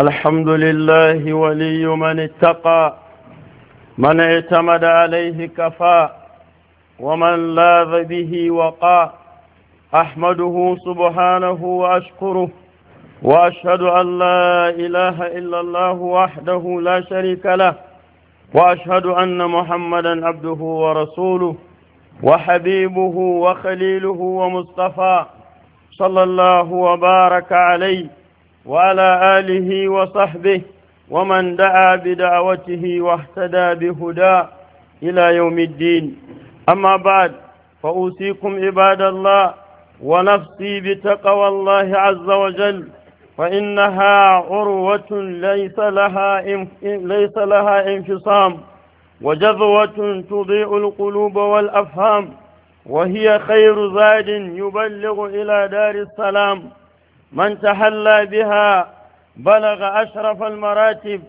الحمد لله ولي من اتقى من اعتمد عليه كفى ومن لاذ به وقى أحمده سبحانه وأشكره وأشهد أن لا إله إلا الله وحده لا شريك له وأشهد أن محمدا عبده ورسوله وحبيبه وخليله ومصطفى صلى الله وبارك عليه وعلى آله وصحبه ومن دعا بدعوته واهتدى بهدى إلى يوم الدين أما بعد فأوصيكم عباد الله ونفسي بتقوى الله عز وجل فإنها عروة ليس لها ليس لها انفصام وجذوة تضيء القلوب والأفهام وهي خير زاد يبلغ إلى دار السلام من تحلى بها بلغ أشرف المراتب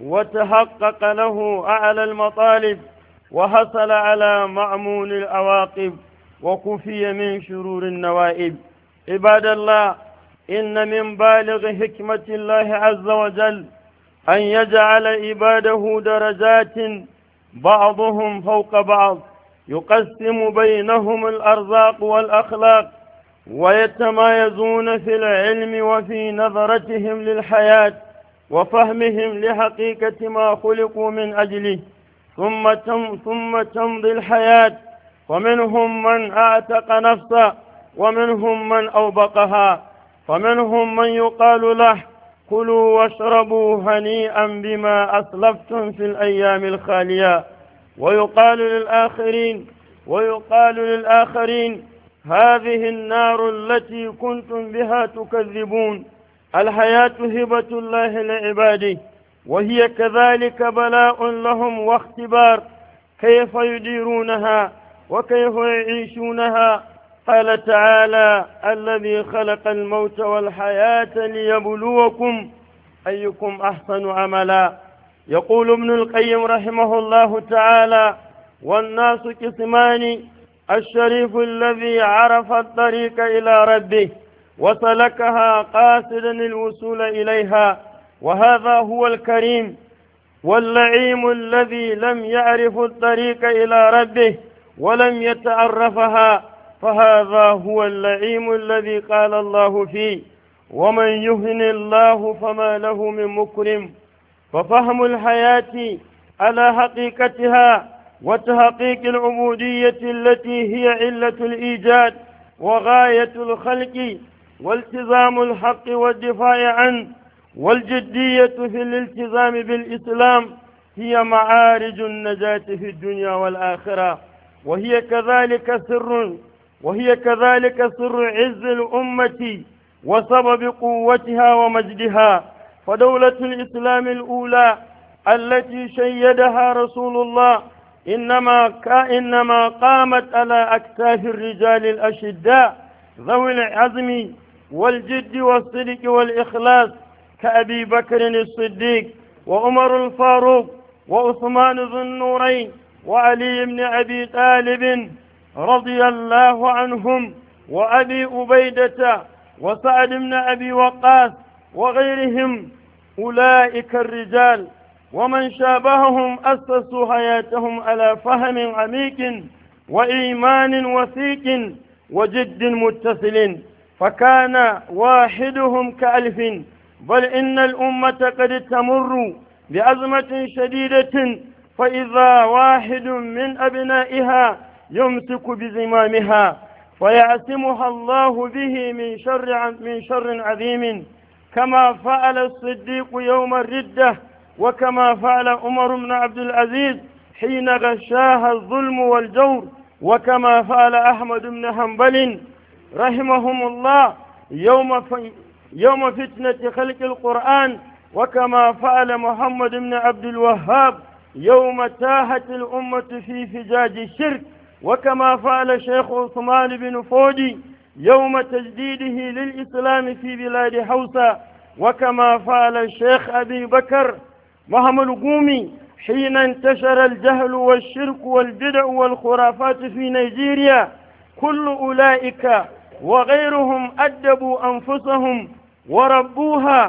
وتحقق له أعلى المطالب وحصل على مأمون العواقب وكفي من شرور النوائب عباد الله إن من بالغ حكمة الله عز وجل أن يجعل عباده درجات بعضهم فوق بعض يقسم بينهم الأرزاق والأخلاق ويتمايزون في العلم وفي نظرتهم للحياة وفهمهم لحقيقة ما خلقوا من أجله ثم, تم ثم تمضي الحياة ومنهم من أعتق نفسه ومنهم من أوبقها ومنهم من يقال له كلوا واشربوا هنيئا بما أسلفتم في الأيام الخالية ويقال للآخرين ويقال للآخرين هذه النار التي كنتم بها تكذبون الحياة هبة الله لعباده وهي كذلك بلاء لهم واختبار كيف يديرونها وكيف يعيشونها قال تعالى الذي خلق الموت والحياة ليبلوكم أيكم أحسن عملا يقول ابن القيم رحمه الله تعالى والناس قسمان الشريف الذي عرف الطريق إلى ربه وسلكها قاصدا الوصول إليها وهذا هو الكريم واللعيم الذي لم يعرف الطريق إلى ربه ولم يتعرفها فهذا هو اللعيم الذي قال الله فيه ومن يهن الله فما له من مكرم ففهم الحياة على حقيقتها وتحقيق العبودية التي هي علة الإيجاد وغاية الخلق والتزام الحق والدفاع عنه والجدية في الالتزام بالإسلام هي معارج النجاة في الدنيا والآخرة وهي كذلك سر وهي كذلك سر عز الأمة وسبب قوتها ومجدها فدولة الإسلام الأولى التي شيدها رسول الله إنما, إنما قامت على أكتاف الرجال الأشداء ذوي العزم والجد والصدق والإخلاص كأبي بكر الصديق وعمر الفاروق وعثمان ذو النورين وعلي بن أبي طالب رضي الله عنهم وأبي أبيدة وسعد بن أبي وقاص وغيرهم أولئك الرجال ومن شابههم أسسوا حياتهم على فهم عميق وإيمان وثيق وجد متصل فكان واحدهم كألف بل إن الأمة قد تمر بأزمة شديدة فإذا واحد من أبنائها يمسك بزمامها فيعتمها الله به من شر من شر عظيم كما فعل الصديق يوم الردة وكما فعل عمر بن عبد العزيز حين غشاها الظلم والجور وكما فعل أحمد بن حنبل رحمهم الله يوم يوم فتنة خلق القرآن وكما فعل محمد بن عبد الوهاب يوم تاهت الأمة في فجاج الشرك وكما فعل شيخ عثمان بن فودي يوم تجديده للإسلام في بلاد حوسة وكما فعل الشيخ أبي بكر وهم القومي حين انتشر الجهل والشرك والبدع والخرافات في نيجيريا كل أولئك وغيرهم أدبوا أنفسهم وربوها